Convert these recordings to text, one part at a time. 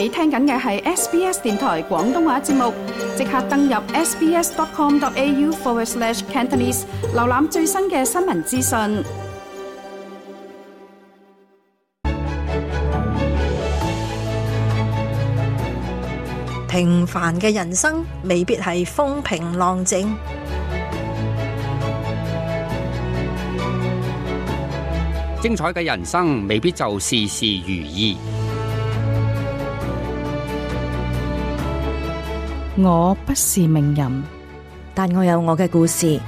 你聽緊嘅係 SBS 電台廣東話節目，即刻登入 sbs.com.au forward slash Cantonese，瀏覽最新嘅新聞資訊。平凡嘅人生未必係風平浪靜，精彩嘅人生未必就事事如意。我不是名人，但我有我嘅故事。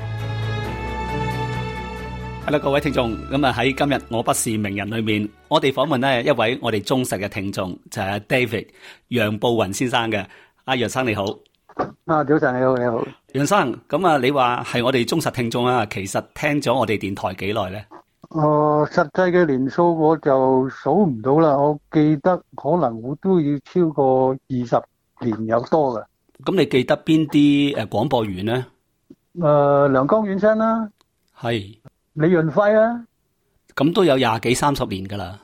Hello，各位聽眾咁啊，喺今日我不是名人裏面，我哋訪問咧一位我哋忠實嘅聽眾就係、是、David 楊步雲先生嘅阿楊生。你好啊，早晨，你好，你好楊生。咁啊，你話係我哋忠實聽眾啊，其實聽咗我哋電台幾耐咧？誒、呃，實際嘅年數我就數唔到啦。我記得可能會都要超過二十年有多嘅。咁你記得邊啲誒廣播員咧？誒、呃，梁江遠生啦、啊，係李潤輝啦，咁都有廿幾三十年噶啦，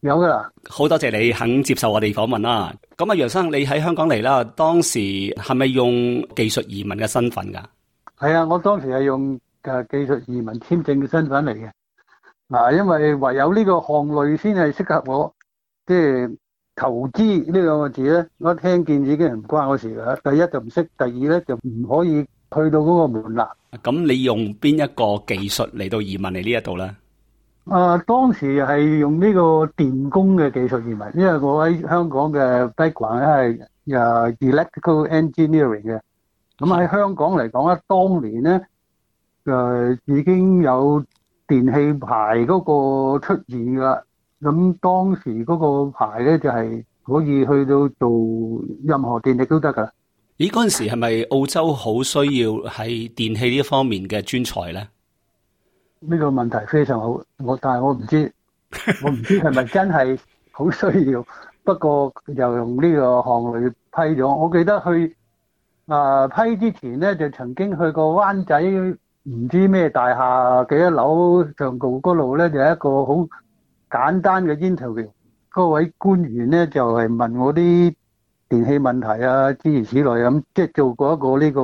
有噶啦。好多謝你肯接受我哋訪問啦。咁啊，楊生你喺香港嚟啦，當時係咪用技術移民嘅身份噶？係啊，我當時係用誒技術移民簽證嘅身份嚟嘅。嗱、啊，因為唯有呢個項類先係適合我即係。就是投資呢兩個字咧，我一聽見已經唔關我事啦。第一就唔識，第二咧就唔可以去到嗰個門檻。咁你用邊一個技術嚟到移民嚟呢一度咧？啊，當時係用呢個電工嘅技術移民，因為我喺香港嘅 background 咧係啊 electrical engineering 嘅。咁喺香港嚟講咧，當年咧誒已經有電器牌嗰個出現噶啦。咁當時嗰個牌咧，就係、是、可以去到做任何電力都得噶喇。咦，嗰陣時係咪澳洲好需要喺電器呢方面嘅專才咧？呢個問題非常好，我但係我唔知，我唔知係咪真係好需要。不過又用呢個行類批咗。我記得去啊、呃、批之前咧，就曾經去過灣仔唔知咩大廈幾多樓上告嗰度咧，就係一個好，簡單嘅 interview，嗰位官員咧就係、是、問我啲電器問題啊，諸如此類咁，即係做過一個呢、這個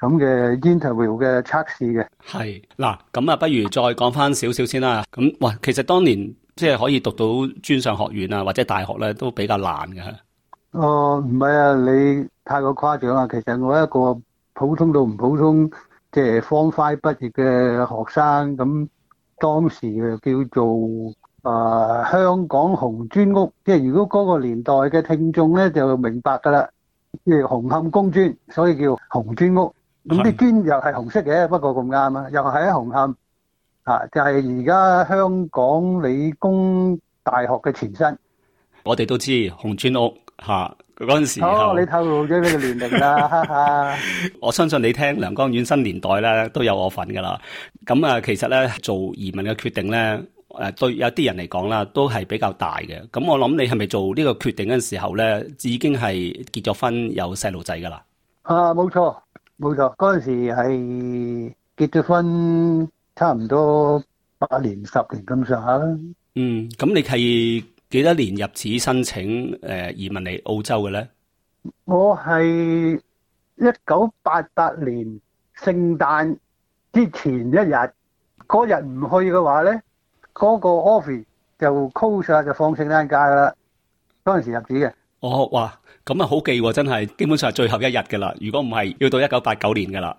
咁嘅 interview 嘅測試嘅。係，嗱咁啊，不如再講翻少少先啦。咁喂，其實當年即係可以讀到專上學院啊，或者大學咧，都比較難嘅。哦，唔係啊，你太過誇張啊。其實我一個普通到唔普通，即、就、係、是、form five 畢業嘅學生咁。當時嘅叫做啊香港紅磚屋，即係如果嗰個年代嘅聽眾咧就明白噶啦，即係紅磡工專，所以叫紅磚屋。咁啲磚又係紅色嘅，不過咁啱啊，又係喺紅磡啊，就係而家香港理工大學嘅前身。我哋都知紅磚屋。吓、啊，嗰陣時，哦，你透露咗你嘅年齡啦。 我相信你聽《梁江遠》新年代咧，都有我份噶啦。咁啊，其實咧做移民嘅決定咧，誒，對有啲人嚟講啦，都係比較大嘅。咁我諗你係咪做呢個決定嗰陣時候咧，已經係結咗婚有細路仔噶啦？啊，冇錯，冇錯，嗰陣時係結咗婚，差唔多八年、十年咁上下啦。嗯，咁你係？幾多年入紙申請誒移民嚟澳洲嘅咧？我係一九八八年聖誕之前一日，嗰日唔去嘅話咧，嗰個 office 就 close 啦，就放聖誕假㗎啦。嗰陣時入紙嘅。哦，哇！咁啊好記喎、哦，真係基本上係最後一日嘅啦。如果唔係，要到一九八九年嘅啦。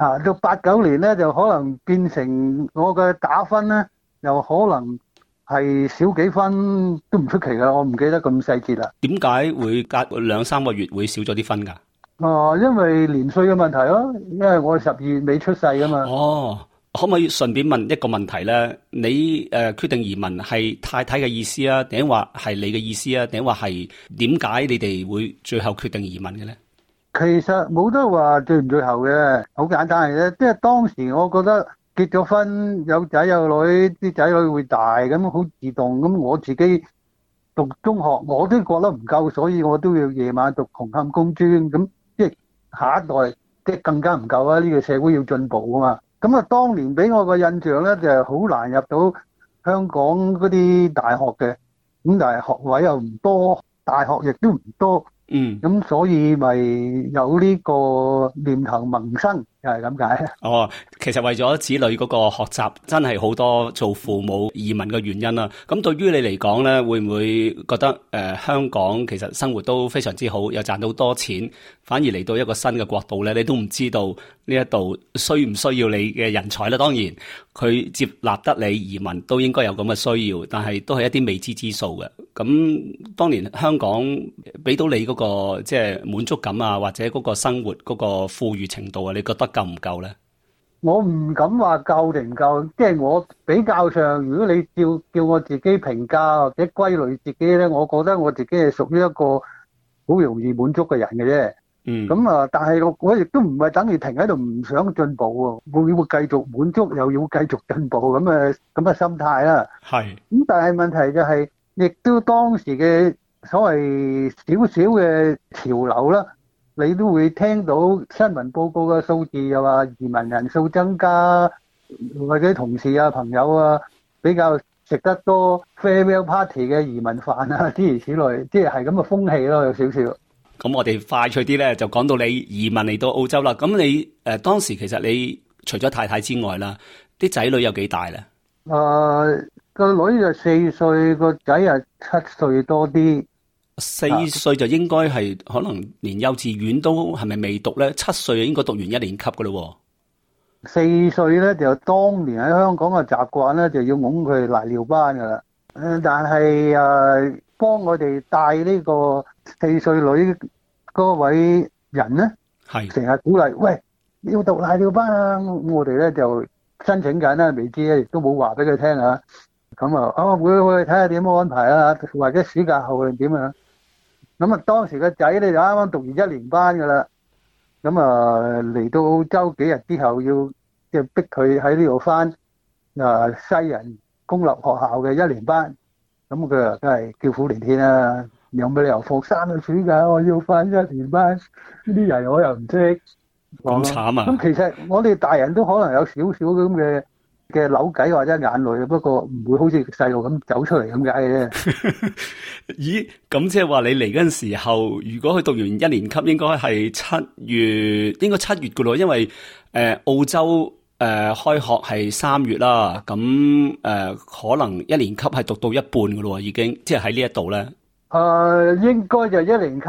嚇！到八九年咧，就可能變成我嘅打分咧，又可能。係少幾分都唔出奇啦，我唔記得咁細節啦。點解會隔兩三個月會少咗啲分噶？哦，因為年歲嘅問題咯，因為我十二月未出世啊嘛。哦，可唔可以順便問一個問題咧？你誒、呃、決定移民係太太嘅意思啊？定話係你嘅意思啊？定話係點解你哋會最後決定移民嘅咧？其實冇得話最唔最後嘅，好簡單嘅啫。即係當時我覺得。結咗婚，有仔有女，啲仔女會大咁好自動咁。我自己讀中學，我都覺得唔夠，所以我都要夜晚讀紅磡公專咁，即係下一代即係更加唔夠啊！呢個社會要進步啊嘛。咁啊，當年俾我個印象咧，就係好難入到香港嗰啲大學嘅。咁但係學位又唔多，大學亦都唔多。嗯。咁所以咪有呢個念頭萌生。就係咁解哦，其實為咗子女嗰個學習，真係好多做父母移民嘅原因啦。咁對於你嚟講咧，會唔會覺得誒、呃、香港其實生活都非常之好，又賺到好多錢，反而嚟到一個新嘅國度咧，你都唔知道呢一度需唔需要你嘅人才咧？當然，佢接納得你移民都應該有咁嘅需要，但係都係一啲未知之數嘅。咁當年香港俾到你嗰、那個即係、就是、滿足感啊，或者嗰個生活嗰個富裕程度啊，你覺得？夠唔夠咧？我唔敢話夠定唔夠，即係我比較上，如果你叫叫我自己評價，或者歸類自己咧，我覺得我自己係屬於一個好容易滿足嘅人嘅啫。嗯。咁啊，但係我我亦都唔係等於停喺度，唔想進步喎。會會繼續滿足，又要繼續進步，咁嘅咁嘅心態啦。係。咁但係問題就係，亦都當時嘅所謂少少嘅潮流啦。你都會聽到新聞報告嘅數字又話移民人數增加，或者同事啊朋友啊比較食得多 farewell party 嘅移民飯啊，諸如此類，即係係咁嘅風氣咯，有少少。咁我哋快趣啲咧，就講到你移民嚟到澳洲啦。咁你誒、呃、當時其實你除咗太太之外啦，啲仔女有幾大咧？誒、呃、個女就四歲，個仔啊七歲多啲。四歲就應該係可能連幼稚園都係咪未讀咧？七歲應該讀完一年級噶咯。四歲咧就當年喺香港嘅習慣咧，就要谷佢瀨尿班噶啦。誒，但係誒，幫、啊、我哋帶呢個四歲女嗰位人咧，係成日鼓勵喂要讀瀨尿班啊。我哋咧就申請緊啦，未知咧，亦都冇話俾佢聽啊。咁啊，啱會會睇下點安排啊，或者暑假後定點樣、啊咁啊，當時個仔咧就啱啱讀完一年班噶啦，咁啊嚟到澳洲幾日之後要即係逼佢喺呢度翻啊西人公立學校嘅一年班，咁佢啊真係叫苦連天啦、啊！有咩理由放生佢住㗎？我要翻一年班，呢啲人我又唔識、啊，咁慘啊！咁其實我哋大人都可能有少少咁嘅。嘅扭計或者眼淚，不過唔會好似細路咁走出嚟咁解嘅啫。 咦？咁即係話你嚟嗰陣時候，如果佢讀完一年級，應該係七月，應該七月噶咯，因為誒、呃、澳洲誒、呃、開學係三月啦。咁誒、呃、可能一年級係讀到一半噶咯，已經即係喺呢一度咧。誒、呃，應該就一年級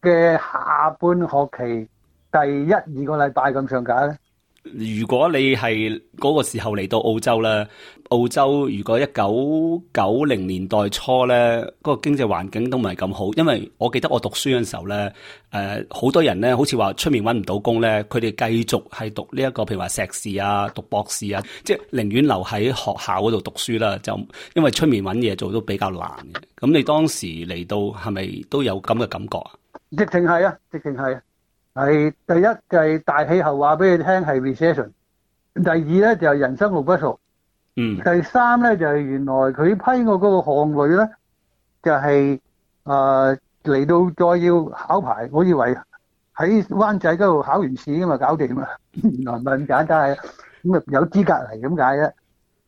嘅下半學期第一二個禮拜咁上架咧。如果你係嗰個時候嚟到澳洲咧，澳洲如果一九九零年代初咧，嗰、那個經濟環境都唔係咁好，因為我記得我讀書嘅時候咧，誒、呃，好多人咧，好似話出面搵唔到工咧，佢哋繼續係讀呢、這、一個，譬如話碩士啊、讀博士啊，即係寧願留喺學校嗰度讀書啦，就因為出面搵嘢做都比較難嘅。咁你當時嚟到係咪都有咁嘅感覺啊？直情係啊，直情係啊。係第一就係大氣候話俾你聽係 recession，第二咧就係人生路不熟，嗯，第三咧就係原來佢批我嗰個項類咧就係誒嚟到再要考牌，我以為喺灣仔嗰度考完試咁啊搞掂啦，原來唔係咁簡單，係咁啊有資格嚟咁解啫。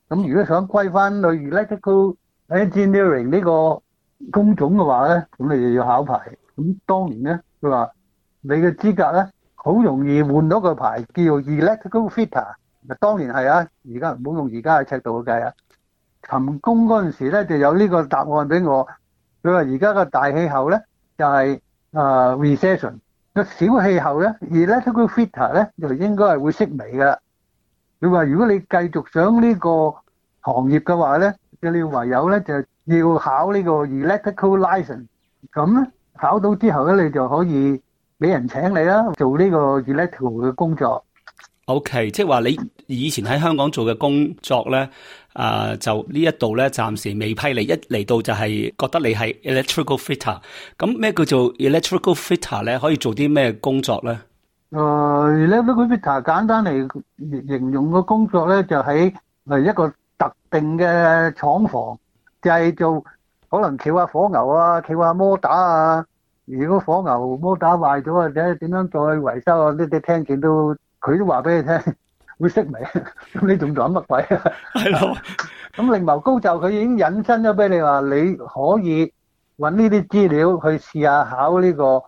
咁如果想歸翻類似 electrical engineering 呢個工種嘅話咧，咁你就要考牌。咁當年咧佢話。你嘅資格咧，好容易換到個牌叫 electrical fitter。當然係啊，而家唔好用而家嘅尺度去計啊。尋工嗰陣時咧，就有呢個答案俾我。佢話：而家個大氣候咧，就係啊 recession；個小氣候咧，electrical fitter 咧，就應該係會息微㗎啦。佢話如果你繼續上呢個行業嘅話咧，就你唯有咧就要考呢個 electrical licence。咁考到之後咧，你就可以。俾人請你啦，做呢個 electrical 嘅工作。OK，即係話你以前喺香港做嘅工作咧，啊，就呢一度咧，暫時未批你。一嚟到就係覺得你係 electrical fitter。咁咩叫做 electrical fitter 咧？可以做啲咩工作咧？誒，electrical fitter 簡單嚟形容個工作咧，就喺係一個特定嘅廠房就係做，可能撬下火牛啊，撬下摩打啊。如果火牛摩打壞咗啊，或者點樣再維修啊？呢啲聽見都佢都話俾你聽，會識明？咁你仲講乜鬼啊？係咯，咁另謀高就，佢已經引申咗俾你話，你可以揾呢啲資料去試下考呢個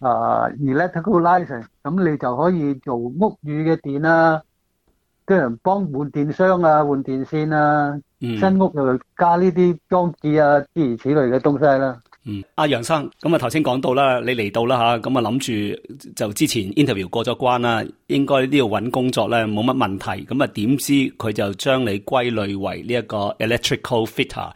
啊，electrical license，咁你就可以做屋宇嘅電啊，跟住人幫換電箱啊、換電線啊，新屋就加呢啲裝置啊，諸如此類嘅東西啦。嗯，阿楊生咁啊，頭先講、嗯、到啦，你嚟到啦吓，咁啊諗住、嗯、就之前 interview 過咗關啦，應該呢度搵工作咧冇乜問題，咁啊點知佢就將你歸類為呢一個 electrical fitter，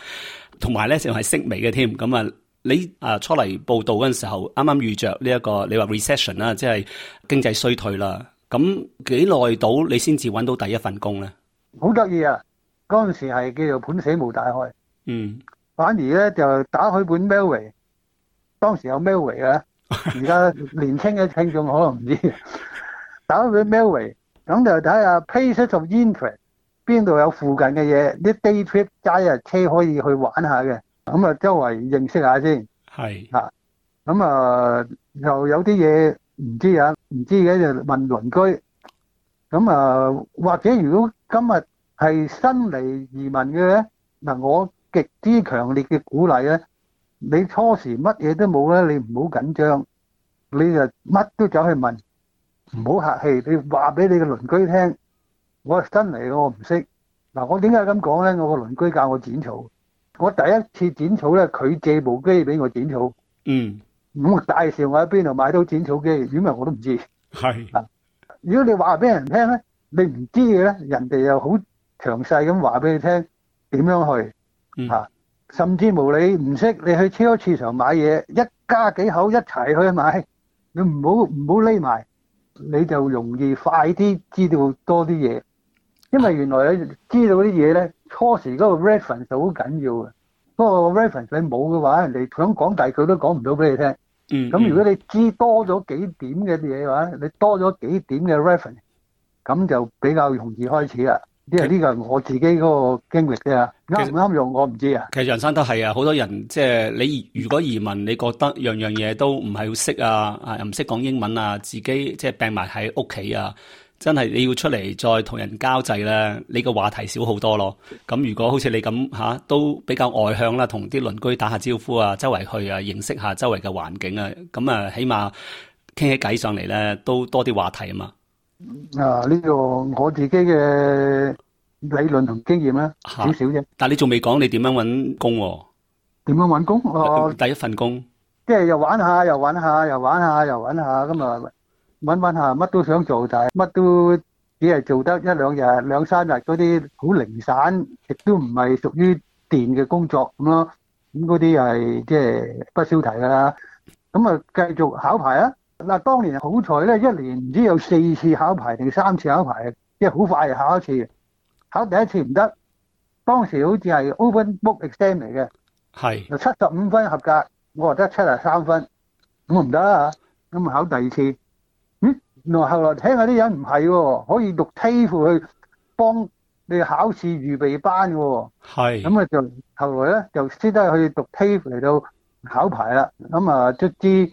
同埋咧就係識微嘅添，咁、嗯嗯、啊你啊初嚟報道嗰陣時候，啱啱遇着呢一個你話 recession 啦，即係經濟衰退啦，咁幾耐到你先至搵到第一份工咧？好得意啊！嗰陣時係叫做盤死無大開，嗯。反而咧就打開本 Melway，當時有 Melway 嘅，而家年輕嘅聽眾可能唔知。打開本 Melway，咁就睇下 Places of Interest，邊度有附近嘅嘢，啲 day trip 揸日車可以去玩下嘅，咁啊周圍認識下先。係。嚇，咁啊又有啲嘢唔知啊，唔知嘅就問鄰居。咁啊，或者如果今日係新嚟移民嘅咧，嗱我。極之強烈嘅鼓勵咧，你初時乜嘢都冇咧，你唔好緊張，你就乜都走去問，唔好客氣，你話俾你嘅鄰居聽，我係新嚟嘅，我唔識。嗱，我點解咁講咧？我個鄰居教我剪草，我第一次剪草咧，佢借部機俾我剪草。嗯。咁大時我喺邊度買到剪草機？點啊？我都唔知。係。如果你話俾人聽咧，你唔知嘅咧，人哋又好詳細咁話俾你聽點樣去。吓，甚至無你唔識，你去超級市場買嘢，一家幾口一齊去買，你唔好唔好匿埋，你就容易快啲知道多啲嘢。因為原來你知道啲嘢咧，初時嗰個 reference 就好緊要嘅。不過 reference 你冇嘅話，人哋想講大句都講唔到俾你聽。咁如果你知多咗幾點嘅嘢嘅話，你多咗幾點嘅 reference，咁就比較容易開始啦。即係呢個係我自己嗰個經歷啫，啱唔啱用我唔知啊。其實人生都係啊，好多人即係你如果移民，你覺得樣樣嘢都唔係好識啊，啊又唔識講英文啊，自己即係病埋喺屋企啊，真係你要出嚟再同人交際咧，你個話題少好多咯。咁如果好似你咁嚇，啊，都比較外向啦，同啲鄰居打下招呼啊，周圍去啊，認識下周圍嘅環境啊，咁啊，起碼傾起偈上嚟咧，都多啲話題啊嘛。啊！呢個我自己嘅理論同經驗啦，少少啫。但係你仲未講你點樣搵工喎？點樣搵工？哦，第一份工，即係又玩下，又搵下，又玩下，又搵下，咁啊，搵搵下，乜都想做，就係乜都只係做得一兩日，兩三日嗰啲好零散，亦都唔係屬於電嘅工作咁咯。咁嗰啲係即係不消提㗎喇。咁啊，繼續考牌啊！嗱，當年好彩咧，一年唔知有四次考牌定三次考牌，即係好快就考一次。考第一次唔得，當時好似係 open book exam 嚟嘅，又七十五分合格，我話得七啊三分，咁我唔得啦，咁啊考第二次。嗯，原來後，後來聽下啲人唔係喎，可以讀 TAFE 去幫你考試預備班嘅喎。係。咁啊就後來咧就先得去讀 TAFE 嚟到考牌啦。咁啊卒之。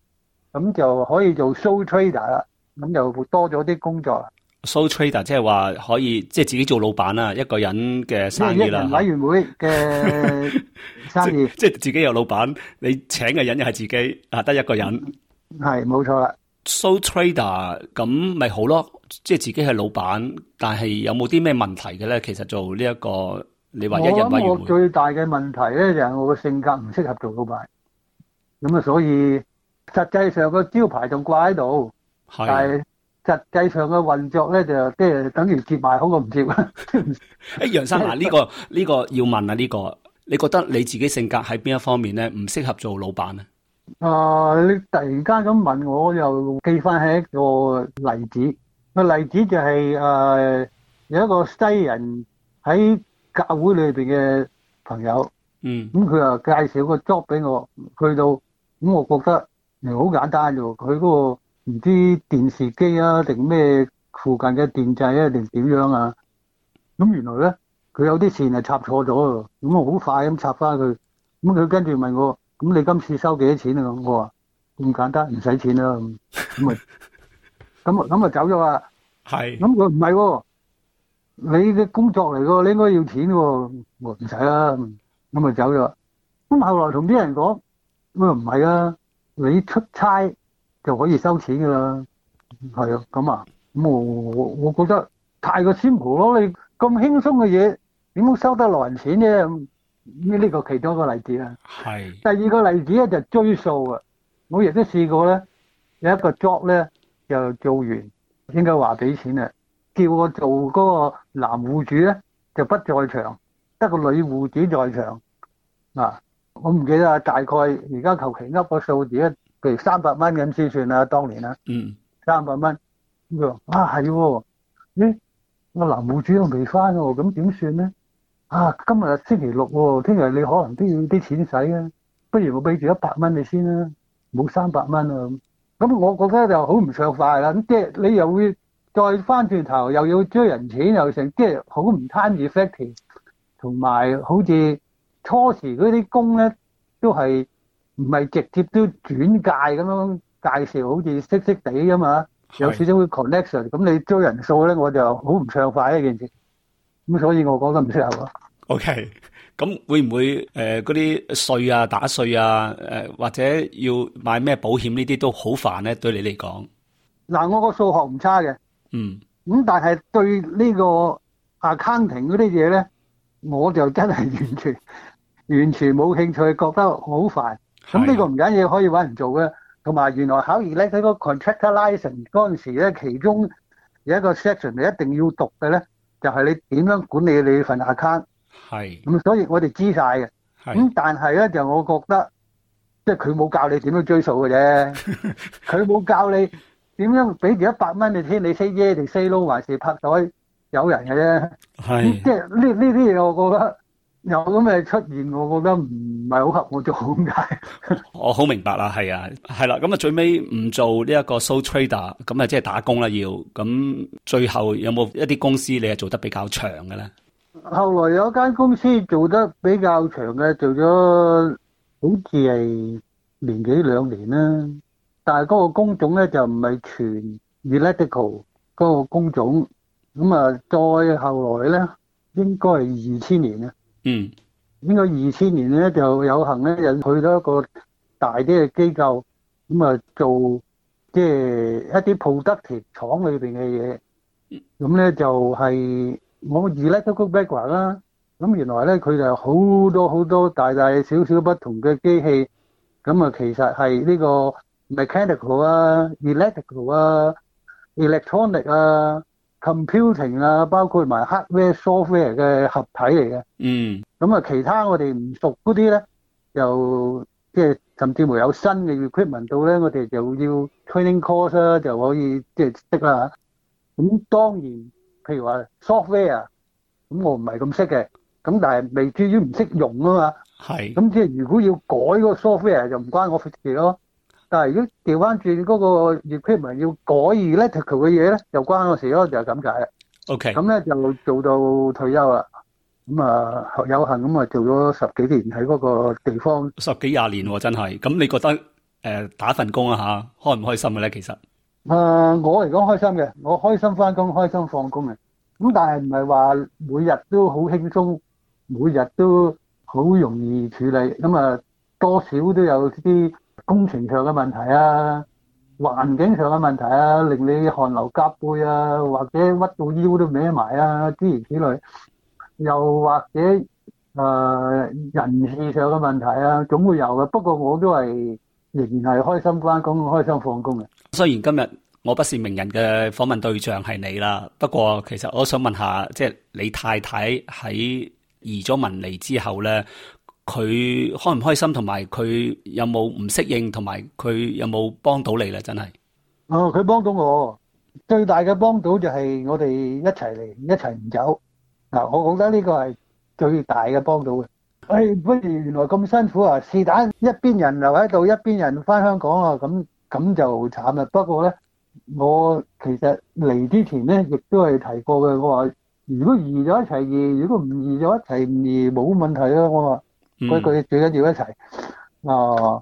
咁就可以做 sole trader 啦，咁就多咗啲工作啦。Sole trader 即係話可以即係、就是、自己做老闆啦，一個人嘅生意啦。呢一人委員會嘅生意，即 係、就是就是、自己有老闆，你請嘅人又係自己，啊得一個人。係、嗯、冇錯啦。Sole trader 咁咪好咯，即、就、係、是、自己係老闆，但係有冇啲咩問題嘅咧？其實做呢、這、一個，你話一人委員最大嘅問題咧就係我嘅性格唔適合做老闆，咁啊所以。實際上個招牌仲掛喺度，但係實際上嘅運作咧，就即係等於接埋好過唔接啊！阿 楊先生嗱，呢、 這個呢、這個要問啦、啊，呢、這個你覺得你自己性格喺邊一方面咧，唔適合做老闆咧？啊、呃！你突然間咁問我，我又記翻起一個例子。個例子就係、是、誒、呃、有一個西人喺教會裏邊嘅朋友，嗯，咁佢就介紹個 job 俾我去到，咁我覺得。嚟好簡單啫，啊，佢嗰個唔知電視機啊定咩附近嘅電掣啊定點樣啊？咁原來咧佢有啲線係插錯咗，咁我好快咁插返佢。咁佢跟住問我：，咁你今次收幾多錢啊？咁我話咁簡單，唔使錢啦，啊。咁 啊咁啊咁啊走咗啦。係。咁佢唔係喎，你嘅工作嚟噶，你應該要錢噶。我唔使啦，我咪，啊、走咗。咁後來同啲人講：，咁啊唔係啊。你出差就可以收錢噶啦，係啊咁啊咁我我我覺得太過 simple 咯，你咁輕鬆嘅嘢點收得來人錢啫？呢、這、呢個其中一個例子啊，係。第二個例子咧就係追數啊！我亦都試過咧，有一個 job 咧就做完，應該話俾錢啊，叫我做嗰個男戶主咧就不在場，得個女戶主在場啊。我唔記得啦，大概而家求其噏個數字啊，譬如三百蚊咁先算啦。當年啊，嗯，三百蚊咁樣啊，係喎，咦，個母主都未翻喎，咁點算咧？啊，今日星期六喎，聽日你可能都要啲錢使啊，不如我俾住一百蚊你先啦，冇三百蚊啊咁。我覺得就好唔暢快啦，即係你又會再翻轉頭又要追人錢又成，即係好唔 time effective，同埋好似。初時嗰啲工咧，都係唔係直接都轉介咁樣介紹，好似識識地㗎嘛，有少少 connection。咁你租人數咧，我就好唔暢快呢件事。咁所以我講得唔適合。OK，咁會唔會誒嗰啲稅啊、打稅啊、誒、呃、或者要買咩保險呢啲都好煩咧？對你嚟講，嗱，我個數學唔差嘅。嗯。咁但係對呢個啊 accounting 嗰啲嘢咧，我就真係完全。 完全冇興趣，覺得好煩。咁呢個唔緊要，可以揾人做嘅。同埋原來考二咧，睇、那個 contractor license 嗰時咧，其中有一個 section 你一定要讀嘅咧，就係、是、你點樣管理你份 account。係。咁所以我哋知晒嘅。係。咁、嗯、但係咧，就我覺得，即係佢冇教你點樣追數嘅啫。佢 冇教你點樣俾住一百蚊你聽你 say 耶、yeah、定 say low 還是拍袋有人嘅啫。係、嗯。即係呢呢啲嘢，我覺得。有咁嘅出現，我覺得唔係好合我做中介。我好明白啦，係啊，係啦。咁啊，最尾唔做呢一個 sole trader，咁啊，即係打工啦。要咁最後有冇一啲公司你係做得比較長嘅咧？後來有間公司做得比較長嘅，做咗好似係年幾兩年啦。但係嗰個工種咧就唔係全 electrical 嗰個工種。咁啊，再後來咧，應該係二千年啦。嗯，應該二千年咧就有幸咧引去咗一個大啲嘅機構，咁啊做即係一啲鋪德鐵廠裏邊嘅嘢，咁、嗯、咧就係我 electrical background 啦，咁原來咧佢就好多好多大大小小不同嘅機器，咁啊其實係呢個 mechanical 啊，electrical 啊，electronic 啊。computing 啊，包括埋 hardware、software 嘅合體嚟嘅。嗯。咁啊，其他我哋唔熟嗰啲咧，就即係甚至乎有新嘅 equipment 到咧，我哋就要 training course 啦，就可以即係識啦。咁當然，譬如話 software，咁我唔係咁識嘅。咁但係未至於唔識用啊嘛。係。咁即係如果要改個 software，就唔關我事咯。但係如果調翻轉嗰個 equipment 要改 relatively 嘅嘢咧，就關我事咯，就係咁解啦。OK，咁咧就做到退休啦。咁啊，有幸咁啊做咗十幾年喺嗰個地方，十幾廿年喎、啊，真係。咁你覺得誒、呃、打份工啊嚇開唔開心嘅咧？其實誒、呃、我嚟講開心嘅，我開心翻工，開心放工嘅。咁但係唔係話每日都好輕鬆，每日都好容易處理。咁啊多少都有啲。工程上嘅問題啊，環境上嘅問題啊，令你汗流浹背啊，或者屈到腰都歪埋啊，諸如此類。又或者誒人事上嘅問題啊，總會有嘅。不過我都係仍然係開心翻工，開心放工嘅。雖然今日我不是名人嘅訪問對象係你啦，不過其實我想問下，即係你太太喺移咗民嚟之後咧，佢開唔開心，同埋佢有冇唔適應，同埋佢有冇幫到你啦？真係哦，佢幫到我最大嘅幫到就係我哋一齊嚟，一齊唔走嗱。我覺得呢個係最大嘅幫到嘅。哎，不如原來咁辛苦啊！是但一邊人留喺度，一邊人返香港啊！咁咁就慘啦。不過咧，我其實嚟之前咧亦都係提過嘅。我話如果移咗一齊移，如果唔移咗一齊唔移，冇問題啦，啊。我話。佢、嗯、句最緊要一齊，哦、啊，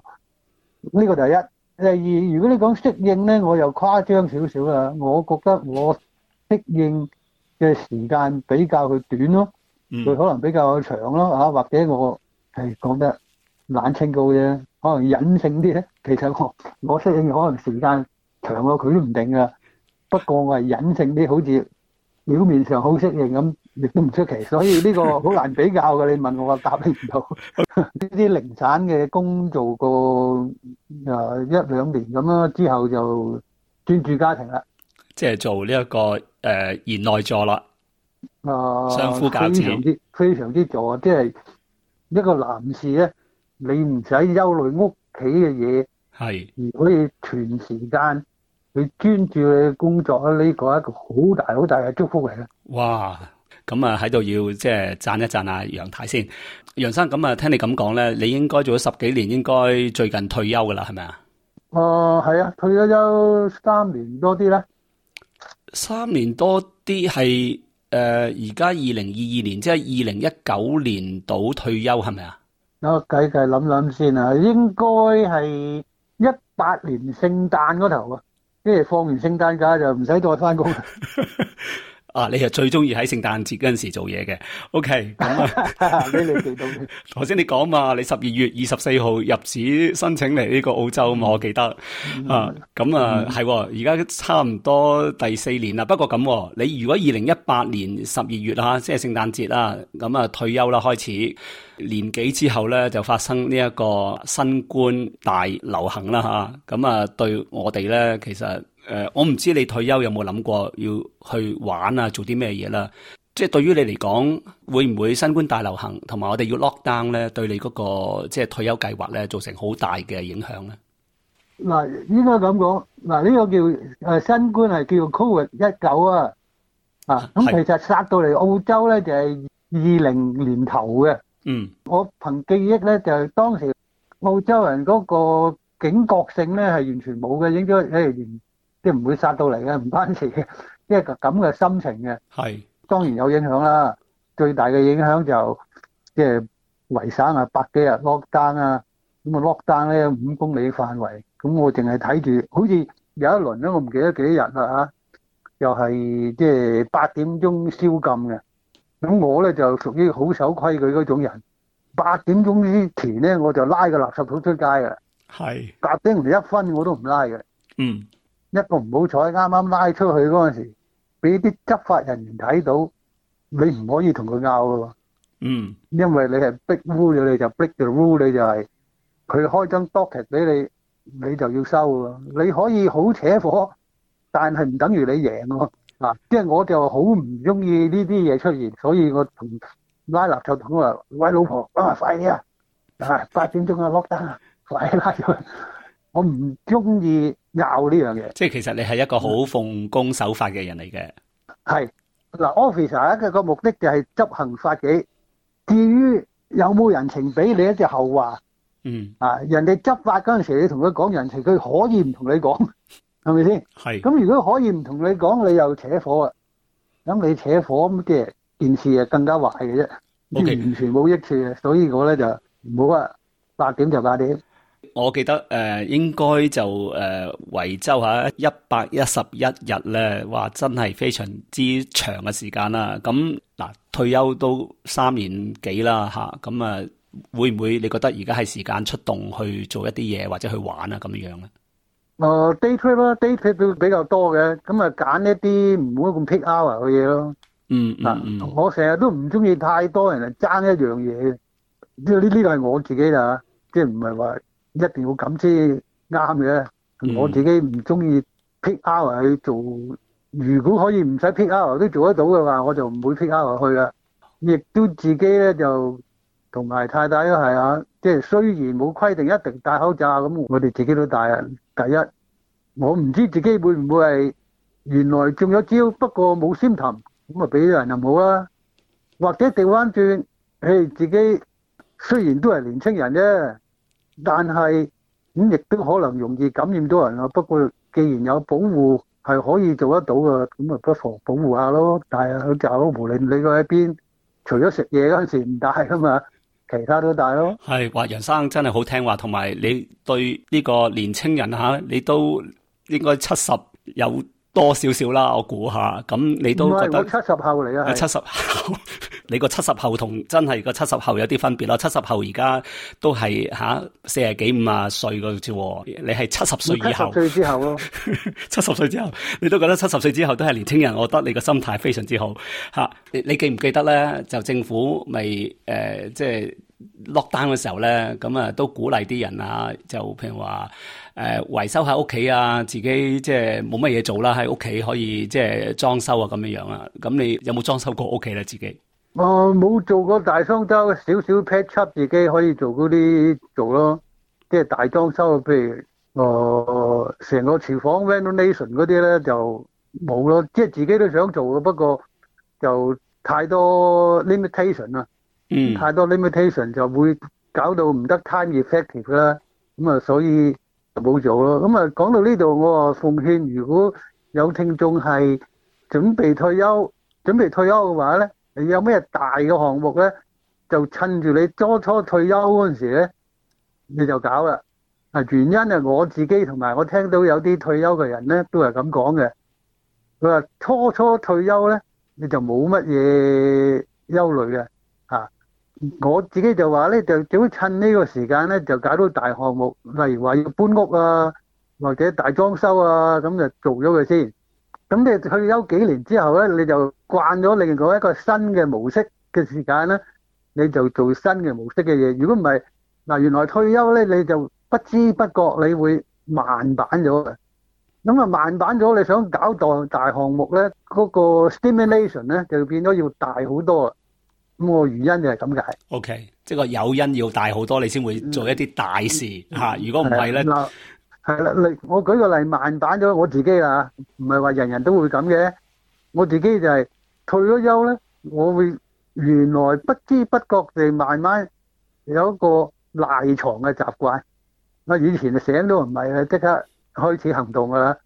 呢、這個第一，第二。如果你講適應咧，我又誇張少少啦。我覺得我適應嘅時間比較佢短咯，佢可能比較長咯嚇。或者我係講得冷清高嘅，可能隱性啲咧。其實我我適應可能時間長咗，佢都唔定噶。不過我係隱性啲，好似表面上好適應咁。亦都唔出奇，所以呢個好難比較嘅。你問我，我答你唔到。呢啲零散嘅工做過誒一兩年咁啦，之後就專注家庭啦。即係做呢一個誒賢內助啦。誒，相夫教子非常之非常之助，即係一個男士咧，你唔使憂慮屋企嘅嘢，係而可以全時間去專注你工作咧。呢個係一個好大好大嘅祝福嚟嘅。哇！咁啊，喺度要即係贊一贊阿楊太先，楊生咁啊，聽你咁講咧，你應該做咗十幾年，應該最近退休噶啦，係咪啊？誒、呃，係啊，退咗休三年多啲咧，三年多啲係誒，而家二零二二年即係二零一九年度退休係咪啊？我計計諗諗先啊，應該係一八年聖誕嗰頭啊，即係放完聖誕假就唔使再翻工。 啊！你又最中意喺聖誕節嗰陣時做嘢嘅？OK，咁 啊， 你做到。頭先你講嘛，你十二月二十四號入紙申請嚟呢個澳洲嘛，嗯、我記得、嗯、啊，咁啊係。而、嗯、家、哦、差唔多第四年啦。不過咁、啊，你如果二零一八年十二月啦、啊，即係聖誕節啦，咁啊退休啦開始年幾之後咧，就發生呢一個新冠大流行啦、啊、吓。咁啊，對我哋咧，其實。嗯、我唔知你退休有冇諗過要去玩啊，做啲咩嘢啦？即係對於你嚟講，會唔會新冠大流行同埋我哋要 lock down 咧，對你嗰、嗰個即係退休計劃咧造成好大嘅影響咧？嗱，應該咁講，嗱、啊、呢、呢個叫新冠係叫 COVID 一九啊，啊咁其實殺到嚟澳洲咧就係二零年頭嘅，嗯，我憑記憶咧就係、是、當時澳洲人嗰個警覺性咧係完全冇嘅，影咗即係唔會殺到嚟嘅，唔關事嘅。即係咁嘅心情嘅，係當然有影響啦。最大嘅影響就即係維省啊，百幾日 lock down 啊，咁啊 lock down 咧五公里範圍，咁我淨係睇住，好似有一輪咧，我唔記得幾多日啦嚇，又係即係八點鐘宵禁嘅。咁我咧就屬於好守規矩嗰種人，八點鐘之前咧我就拉個垃圾桶出街嘅，係隔啲人一分我都唔拉嘅，嗯。一個唔好彩，啱啱拉出去嗰陣時，俾啲執法人員睇到，你唔可以同佢拗噶。嗯，因為你係 break rule，你就 break the rule，你就係佢開張 docket 俾你，你就要收咯。你可以好扯火，但係唔等於你贏咯。嗱，即係我就好唔中意呢啲嘢出現，所以我同拉立就同我喂老婆，快啲啊，啊八點鐘啊 lock down，快啲拉上。我唔中意。拗呢樣嘢，即係其實你係一個好奉公守法嘅人嚟嘅。係嗱，Officer 佢個目的就係執行法紀。至於有冇人情俾你一啲後話，嗯啊，人哋執法嗰陣時，你同佢講人情，佢可以唔同你講，係咪先？係。咁如果可以唔同你講，你又扯火啊！咁你扯火咁嘅件事啊，更加壞嘅啫，完全冇益處嘅。所以我咧就唔好啊，八點就八點。我記得誒、呃，應該就誒，維、呃、州吓一百一十一日咧，話真係非常之長嘅時間啦、啊。咁、嗯、嗱、呃，退休都三年幾啦吓，咁啊，嗯呃、會唔會你覺得而家係時間出動去做一啲嘢或者去玩啊咁樣咧？誒、uh, Day trip 啦、啊、Day trip 都比較多嘅，咁啊揀一啲唔會咁 pick up 嘅嘢咯。嗯，嗱、嗯嗯啊，我成日都唔中意太多人嚟爭一樣嘢，呢呢呢個係、這個、我自己啦，即係唔係話。一定要咁先啱嘅，我自己唔中意撇 out 去做。如果可以唔使撇 out 都做得到嘅話，我就唔會撇 out 去啦。亦都自己咧就同埋太太都係啊，即係雖然冇規定一定戴口罩咁，我哋自己都戴啊，第一。我唔知自己會唔會係原來中咗招，不過冇先談咁啊，俾人又冇啊，或者掉翻轉，誒，自己雖然都係年青人啫。但係咁亦都可能容易感染到人啊。不過既然有保護係可以做得到嘅，咁咪不妨保護一下咯。但係，佢就無理你理佢喺邊，除咗食嘢嗰陣時唔戴啊嘛，其他都戴咯。係，話楊生真係好聽話，同埋你對呢個年青人吓，你都應該七十有。多少少啦，我估下，咁你都覺得七十後嚟啊？七十後，你個七十後同真係個七十後有啲分別啦。七十後而家都係吓四十幾五啊歲嗰喎。你係七十歲以後，七十歲之後咯。七 十歲之後，你都覺得七十歲之後都係年青人，我覺得你個心態非常之好吓、啊。你你記唔記得咧？就政府咪誒、呃，即係落單嘅時候咧，咁啊都鼓勵啲人啊，就譬如話。誒、呃、維修喺屋企啊，自己即係冇乜嘢做啦，喺屋企可以即係裝修啊咁樣樣啊。咁你有冇裝修過屋企咧？自己？我、呃、冇做過大裝修，少少 patch up 自己可以做嗰啲做咯。即係大裝修啊，譬如我成、呃、個廚房 ventilation 嗰啲咧就冇咯。即係自己都想做嘅，不過就太多 limitation 啦。嗯。太多 limitation 就會搞到唔得 time effective 啦。咁啊，所以。冇做咯，咁啊講到呢度，我奉勸，如果有聽眾係準備退休，準備退休嘅話呢，你有咩大嘅項目呢？就趁住你初初退休嗰陣時呢，你就搞啦。啊，原因係我自己同埋我聽到有啲退休嘅人呢，都係咁講嘅。佢話初初退休呢，你就冇乜嘢憂慮嘅。我自己就話咧，就只好趁呢個時間咧，就搞到大項目，例如話要搬屋啊，或者大裝修啊，咁就做咗佢先。咁你退休幾年之後咧，你就慣咗另外一個新嘅模式嘅時間啦，你就做新嘅模式嘅嘢。如果唔係，嗱原來退休咧，你就不知不覺你會慢板咗嘅。咁啊慢板咗，你想搞大項目咧，嗰個 stimulation 咧就變咗要大好多。咁我原因就係咁解。O K，即係個誘因要大好多，你先會做一啲大事嚇。如果唔係咧，係啦，係啦，例我舉個例，慢板咗我自己啦嚇，唔係話人人都會咁嘅。我自己就係退咗休咧，我會原來不知不覺地慢慢有一個賴牀嘅習慣。我以前啊醒都唔咪啊，即刻開始行動㗎啦。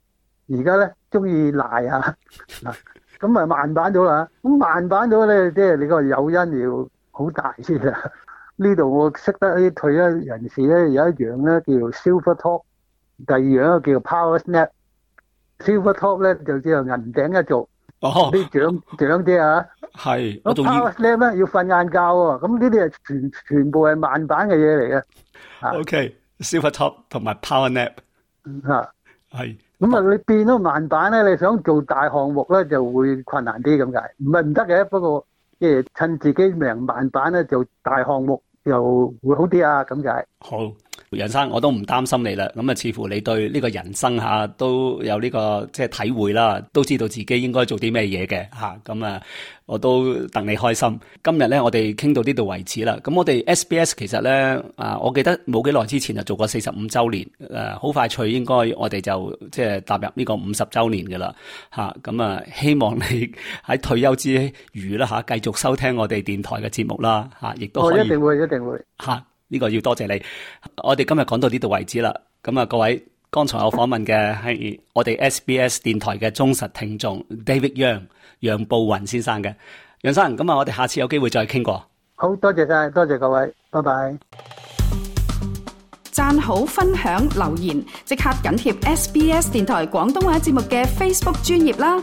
而家咧，中意賴下嗱。咁咪慢板咗啦，咁慢板咗咧，即係你個誘因要好大先啦。呢度我識得啲退休人士咧，有一樣咧叫 silver top，第二樣咧叫 power nap。silver top 咧就只係銀頂一族，啲長長者啊。係，我仲要 power nap 咧要瞓晏覺喎。咁呢啲係全全部係慢板嘅嘢嚟嘅。O K. silver top 同埋 power nap。嗯啊，係。咁啊，你變咗慢板呢，你想做大項目呢，就會困難啲咁解。唔係唔得嘅，不過趁自己命慢板呢，做大項目又會好啲啊！咁就好。Okay. 楊生，我都唔擔心你啦。咁啊，似乎你對呢個人生吓、啊、都有呢、這個即係體會啦，都知道自己應該做啲咩嘢嘅吓。咁啊、啊，我都等你開心。今日咧，我哋傾到呢度為止啦。咁我哋 SBS 其實咧啊，我記得冇幾耐之前就做過四十五周年，誒、啊，好快脆應該我哋就即係踏入呢個五十周年嘅啦。吓、啊，咁啊，希望你喺退休之餘啦吓、啊，繼續收聽我哋電台嘅節目啦吓，亦、啊、都、哦、一定會，一定會吓。呢、這個要多謝你，我哋今日講到呢度為止啦。咁啊，各位剛才我訪問嘅係我哋 SBS 電台嘅忠實聽眾 David Young，楊步雲先生嘅楊生。咁啊，我哋下次有機會再傾過。好多謝晒，多謝各位，拜拜。讚好分享留言，即刻緊貼 SBS 電台廣東話節目嘅 Facebook 專頁啦。